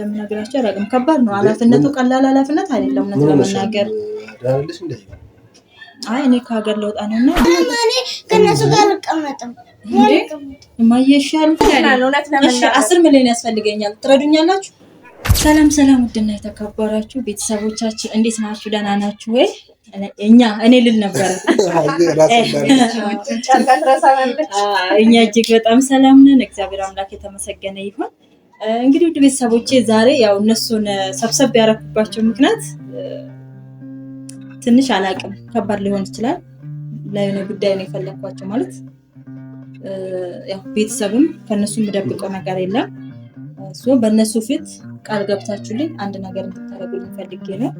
በምነግራቸው አላውቅም። ከባድ ነው ኃላፊነቱ ቀላል ኃላፊነት አይደለም። እውነት ለመናገር አይ እኔ ከሀገር ለውጣ ነው እና ከነሱ ጋር አልቀመጥም። አስር ሚሊዮን ያስፈልገኛል፣ ትረዱኛላችሁ? ሰላም ሰላም፣ ውድና የተከበራችሁ ቤተሰቦቻችን እንዴት ናችሁ? ደህና ናችሁ ወይ? እኛ እኔ ልል ነበረ እኛ እጅግ በጣም ሰላም ነን። እግዚአብሔር አምላክ የተመሰገነ ይሁን። እንግዲህ ውድ ቤተሰቦቼ ዛሬ ያው እነሱን ሰብሰብ ያረኩባቸው ምክንያት ትንሽ አላቅም ከባድ ሊሆን ይችላል። ለሆነ ጉዳይ ነው የፈለግኳቸው ማለት ያው ቤተሰብም ከእነሱ የምደብቀው ነገር የለም። እሱ በእነሱ ፊት ቃል ገብታችሁልኝ አንድ ነገር እንድታደርጉልኝ ፈልጌ ነው።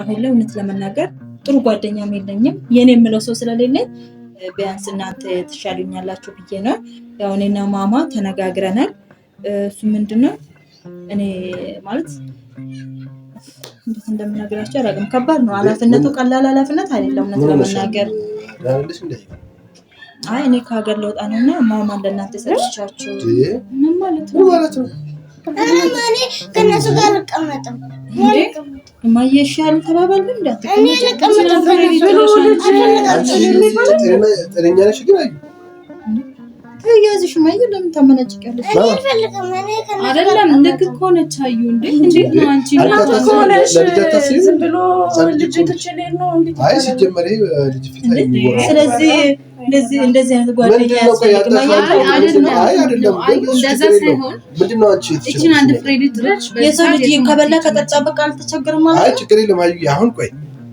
አሁን ላይ እውነት ለመናገር ጥሩ ጓደኛም የለኝም የኔ የምለው ሰው ስለሌለኝ ቢያንስ እናንተ ትሻሉኛላችሁ ብዬ ነው። ያው እኔና ማማ ተነጋግረናል። እሱ ምንድን ነው እኔ ማለት እንዴት እንደምናገራቸው አላውቅም። ከባድ ነው ኃላፊነቱ ቀላል ኃላፊነት አይደለም። እውነት ለመናገር አይ እኔ ከሀገር ለውጣ ነው እና ማማ ለእናንተ ሰጥቻችሁ ምን ማለት ነው ማለት ነው ከእነሱ ጋር አልቀመጥም። እማዬ እሺ አልተባባልንም። እንዳትቀመጥ ጤነኛ ነሽ ግን አዩ ያዝሽ ማየ ለምን ታመናጭቂያለሽ? አይደለም ልክ እኮ ነች። አዩ እንዴ እንዴት ነው አንቺ የሰው ልጅ ከበላ ከጠጣ በቃ አልተቸገርም ቆይ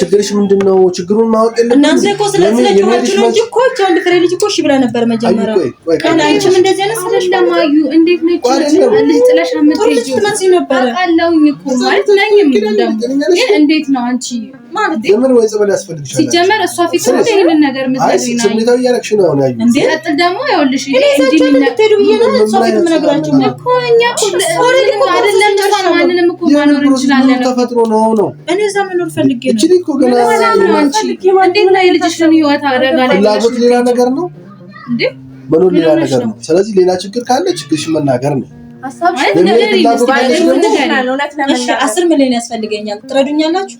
ችግርሽ ምንድን ነው? ችግሩን ማወቅ እናንተ እኮ ስለዚህ ነው እኮ አንድ ፍሬ ልጅ እኮ እሺ ብላ ነበር መጀመሪያ። እንደዚህ አይነት ስለሽ ለማዩ እንዴት ነው ልጅ ልጅ ነበር እኮ ማለት ነኝ። እንዴት ነው አንቺ ማለት ለምን ወይ ጸበል ያስፈልግሻል? ሲጀመር እሷ ፊት ነው ይሄንን ነገር ነው። ስሜታዊ እያደረግሽ ነው ደግሞ ይኸውልሽ ይሄ እንዲህ እሷ ፊት እኮ እኛ አይደለም ማንንም እኮ ማኖር እንችላለን። ተፈጥሮ ነው ነው እኔ እዛ መኖር ፈልጌ ነው። እቺ እኮ ገና አንቺ እንዴት ነው የልጅሽን ህይወት አደጋ ላይ ሌላ ነገር ነው እንዴ? መኖር ሌላ ነገር ነው። ስለዚህ ሌላ ችግር ካለ ችግርሽን መናገር ነው። አስር ሚሊዮን ያስፈልገኛል። ትረዱኛላችሁ?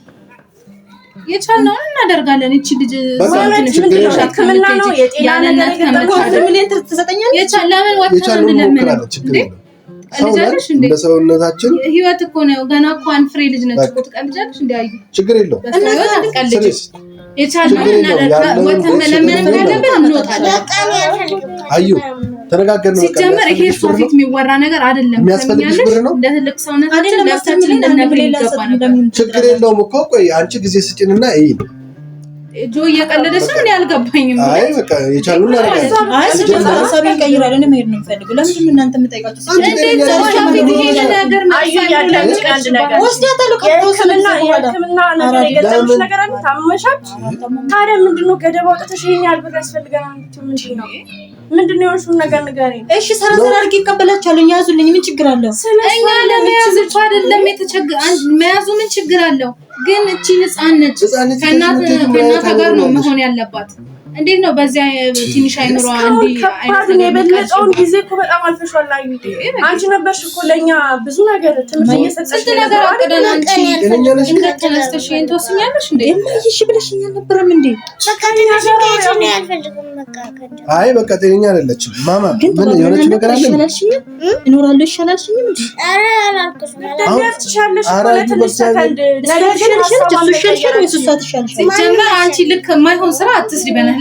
የቻልነውን እናደርጋለን። እቺ ልጅ ሕክምና ሰውነታችን ህይወት እኮ ነው። ገና እኮ ፍሬ ልጅ ነች እኮ ትቀልጃለሽ። እንዲያዩ ችግር የለውም። የቻልነውን እናደርጋለን። ወተን መለመንም ካለብን እንወጣለን። ተነጋገር ሲጀመር ይሄ ሰው ፊት የሚወራ ነገር አይደለም። የሚያስፈልግሽ ብር ነው። እንደ ትልቅ ሰውነታችን ለፍታችን እንደነገር ይገባ ነበር። ችግር የለውም እኮ ቆይ አንቺ ጊዜ ስጭንና ይሄ ጆ እየቀለደች ነው። እኔ አልገባኝም። አይ በቃ የቻሉ ታዲያ ምንድን ነው ገደብ አውጥተሽ ያስፈልገናል? ምንድን ምንድን ነው የሆንሽውን ነገር ንገሪኝ። እሺ ሰራሰር አድርጌ ይቀበላችኋለሁ። እኛ ያዙልኝ፣ ምን ችግር አለው? እኛ ለመያዝ እኮ አይደለም መያዙ ምን ችግር አለው? ግን እቺ ህፃን ነች፣ ከእናቷ ጋር ነው መሆን ያለባት። እንዴት ነው በዚያ ትንሽ አይምሮ አንዴ የበለጠውን ጊዜ እኮ በጣም አልፈሻል። ላይ አንቺ ነበርሽ እኮ ለእኛ ብዙ ነገር ትምህርት እየሰጠሽ ነገር አቅደን አንቺ ድንገት እንዴ እሺ ብለሽኝ አልነበረም እንዴ? አይ በቃ ጤነኛ አይደለችም ማማ። ምን የሆነች ነገር አለ እኖራለሁ ይሻላልሽኝ እንጂ አንቺ ልክ የማይሆን ስራ አትስሪ በነህ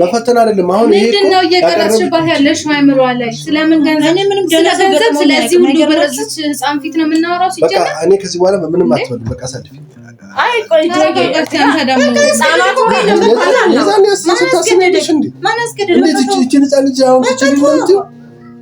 በፈተና አይደለም። አሁን ይሄ ምንድን ነው ባህ ያለሽ ማይምሯ ላይ ስለምን ገንዘብ እኔ ምንም ገንዘብ ስለዚህ ሁሉ ብር ህፃን ፊት ነው የምናወራው። ሲጀመር በቃ እኔ ከዚህ በኋላ ምንም አትወድ በቃ ሳድፊ አይ ቆይ ጀጌ አንተ ደግሞ ነው ማን ማን እንዴ ህፃን ልጅ አሁን ትችላለች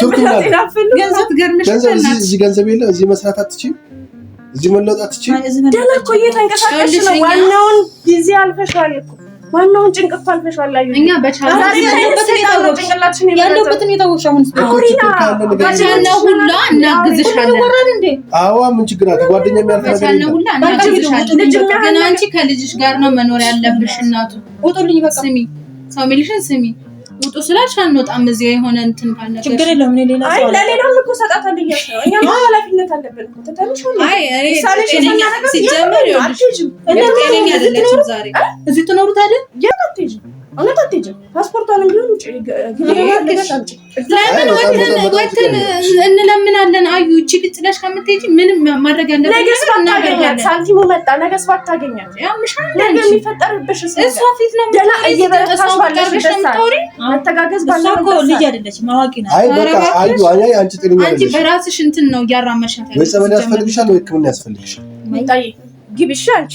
ቱርክ እዚህ ገንዘብ የለ፣ እዚህ መስራት አትችይም፣ እዚህ መለወጥ አትችይም። ደህና እኮ እየተንቀሳቀስሽ ነው። ዋናውን ጊዜ አልፈሻል እኮ ዋናውን ጭንቅፍ አልፈሻል። ላይ እኛ ያለበትን የታወቅሽ አሁን በቻልነው ሁላ እናግዝሻለን። አዋ ምን ችግር አለ? ጓደኛ በቻልነው ሁላ እናግዝሻለን። ግን አንቺ ከልጅሽ ጋር ነው መኖር ያለብሽ። እናቱ ቁጥልኝ፣ በቃ ስሚ፣ ሰው የሚልሽን ስሚ ውጡ ስላልሽ አንወጣም። እዚያ የሆነ እንትን ካለ ችግር የለውም። እኔ ሌላ ሰው ለሌላም እኮ ሰጣታል እያልሽ ነው። ኃላፊነት አለብን። ሲጀመር እዚህ ትኖሩት አይደል? እውነት አትሄጂም። ቢሆን ለምን እንለምናለን? አዩ እቺ ከምትሄጂ ምንም ማድረግ ሳንቲሙ መጣ ነገስ ባታገኛት የሚፈጠርብሽ እሷ ፊት ነው። ገና እየበረታሽ መተጋገዝ ልጅ ናት። አንቺ በራስሽ እንትን ነው ያስፈልግሻል ወይ ያስፈልግሻል። ግቢ አንቺ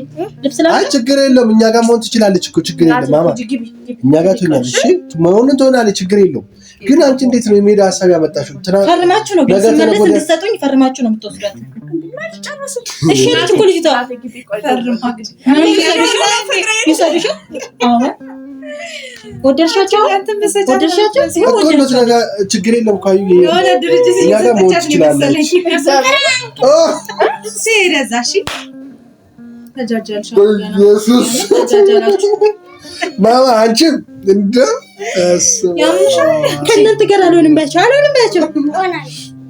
አይ ችግር የለውም። እኛ ጋር መሆን ትችላለች እኮ ችግር የለም። ማማ እኛ ጋር ትሆናለች። እሺ መሆኑን ትሆናለች። ችግር የለውም። ግን አንቺ እንዴት ነው የመሄድ ሀሳብ ያመጣሽው? ፈርማችሁ ነው ግን ስመለስ እንድትሰጡኝ ፈርማችሁ ነው የምትወስዷት። እሺ ልጅ እኮ ልጅቷ ችግር የለም። እኛ ጋር መሆን ትችላለች። ማማ አንቺም እንደ ከእናንተ ጋር አልሆንም ባቸው አልሆንም ባቸው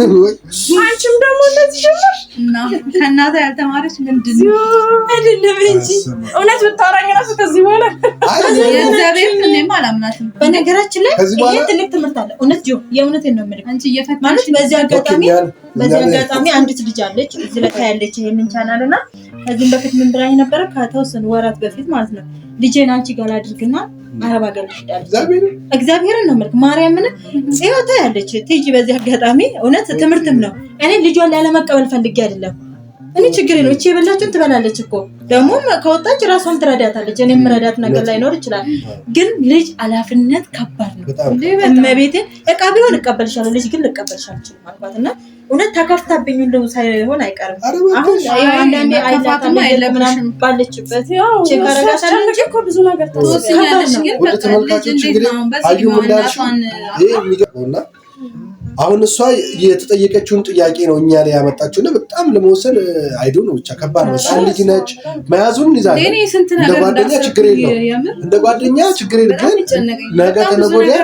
አንቺም ደግሞ እንደዚህ ጀመርሽ። ከእናቷ ያልተማረች ምንድን አይደለም እንጂ እውነት ብታወራኝ እራሱ ከዚህ በኋላ የእግዚአብሔር እኔም አላምናትም። በነገራችን ላይ ይሄ ትልቅ ትምህርት አለ። እውነት ጆ የእውነት ነው የምልህ አንቺ እየፈታሽ ማለት በዚህ አጋጣሚ በዚህ አጋጣሚ አንዲት ልጅ አለች እዚህ ለታ ያለች ይሄንን ቻናል እና ከዚህም በፊት ምን ብላኝ ነበረ? ከተወሰኑ ወራት በፊት ማለት ነው። ልጄን አንቺ ጋር ላድርግና አረብ ሀገር ልሄዳለች። እግዚአብሔርን ነው መልክ ማርያምን ጽዮታ ያለች ትይጂ። በዚህ አጋጣሚ እውነት ትምህርትም ነው። እኔ ልጇን ላለመቀበል ፈልጌ አይደለም እኔ ችግር ነው። እቺ የበላችሁን ትበላለች እኮ ደግሞ ከወጣች ራሷም ትረዳታለች። እኔ ረዳት ነገር ላይኖር ይችላል፣ ግን ልጅ አላፍነት ከባድ ነው። እመቤቴን እቃ ቢሆን እቀበልሻለሁ፣ ልጅ ግን ልቀበልሻል ችል አልኳት እና እውነት ተከፍታብኝ እንደው ሳይሆን አይቀርም። አሁን አንዳንዴ አይላታም አይለምናም ባለችበት ብዙ ነገር ታስኛለች። ግን በቃ ልጅ እንዴት ነው በዚህ አሁን እሷ የተጠየቀችውን ጥያቄ ነው እኛ ላይ ያመጣችው እና በጣም ለመወሰን አይዶ ነው። ብቻ ከባድ ነው። ጣን ልጅ ነች፣ መያዙን ይዛ እንደ ጓደኛ ችግር የለው፣ እንደ ጓደኛ ችግር የለ። ግን ነገ ከነገ ወዲያ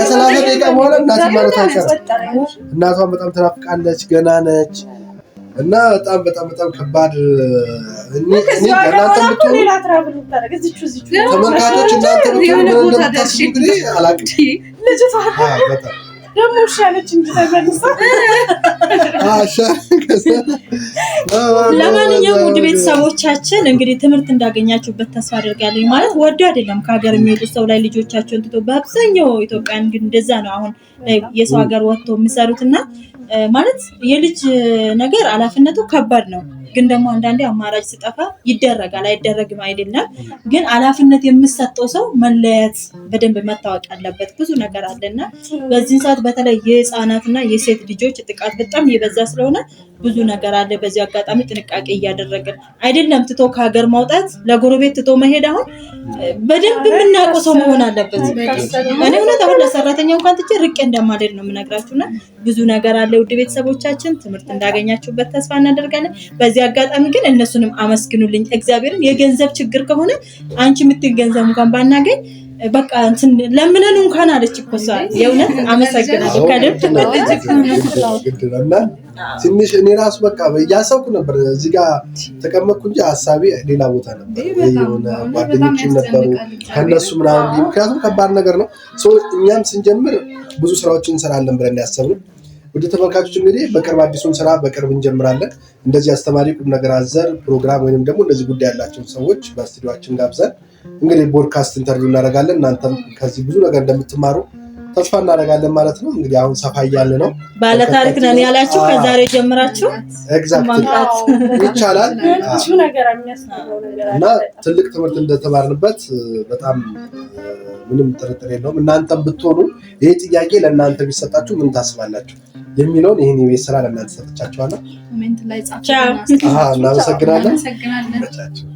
ከሰላሳ ደቂቃ በኋላ እናት ማለት አይቀርም። እናቷን በጣም ትናፍቃለች ገና ነች እና በጣም በጣም በጣም ከባድ ተመልካቾች እናንተ ብትሆኑ እንደምታስቡ እንግዲህ አላቅም ደግሞ ሻለች እንጂ ለማንኛውም ውድ ቤተሰቦቻችን እንግዲህ ትምህርት እንዳገኛችሁበት ተስፋ አድርጋለኝ። ማለት ወዶ አይደለም ከሀገር የሚወጡ ሰው ላይ ልጆቻቸውን ትቶ በአብዛኛው ኢትዮጵያ ግን እንደዛ ነው። አሁን የሰው ሀገር ወጥቶ የሚሰሩት እና ማለት የልጅ ነገር አላፊነቱ ከባድ ነው። ግን ደግሞ አንዳንዴ አማራጭ ሲጠፋ ይደረጋል፣ አይደረግም አይደለም። ግን ኃላፊነት የምሰጠው ሰው መለየት በደንብ መታወቅ አለበት። ብዙ ነገር አለና በዚህን ሰዓት በተለይ የህፃናትና የሴት ልጆች ጥቃት በጣም የበዛ ስለሆነ ብዙ ነገር አለ። በዚህ አጋጣሚ ጥንቃቄ እያደረግን አይደለም ትቶ ከሀገር ማውጣት ለጎረቤት ትቶ መሄድ አሁን በደንብ የምናውቀው ሰው መሆን አለበት። እኔ እውነት አሁን ለሰራተኛ እንኳን ትቼ ርቄ እንደማልሄድ ነው የምነግራችሁና ብዙ ነገር አለ። ውድ ቤተሰቦቻችን ትምህርት እንዳገኛችሁበት ተስፋ እናደርጋለን በዚህ አጋጣሚ ግን እነሱንም አመስግኑልኝ እግዚአብሔርን። የገንዘብ ችግር ከሆነ አንቺ የምትል ገንዘብ እንኳን ባናገኝ በቃ እንትን ለምነን እንኳን አለች እኮ እሷ። የእውነት አመሰግናለሁ ከልብ ትንሽ እኔ ራሱ በቃ እያሰብኩ ነበር። እዚህ ጋር ተቀመጥኩ እንጂ ሀሳቢ ሌላ ቦታ ነበር። የሆነ ጓደኞችም ነበሩ ከነሱ ምናምን፣ ምክንያቱም ከባድ ነገር ነው። እኛም ስንጀምር ብዙ ስራዎችን እንሰራለን ብለን ያሰብነው ወደ ተመልካቾች እንግዲህ በቅርብ አዲሱን ስራ በቅርብ እንጀምራለን። እንደዚህ አስተማሪ ቁም ነገር አዘር ፕሮግራም ወይም ደግሞ እንደዚህ ጉዳይ ያላቸውን ሰዎች በስቱዲዮችን ጋብዘን እንግዲህ ቦድካስት ኢንተርቪው እናደርጋለን። እናንተም ከዚህ ብዙ ነገር እንደምትማሩ ተስፋ እናደርጋለን ማለት ነው። እንግዲህ አሁን ሰፋ እያለ ነው። ባለታሪክ ነን ያላችሁ ከዛሬ ጀምራችሁ ማምጣት ይቻላል እና ትልቅ ትምህርት እንደተማርንበት በጣም ምንም ጥርጥር የለውም። እናንተም ብትሆኑ ይህ ጥያቄ ለእናንተ ቢሰጣችሁ ምን ታስባላችሁ የሚለውን ይህን የቤት ስራ ለእናንተ ሰጥቻችኋለሁ። እናመሰግናለን።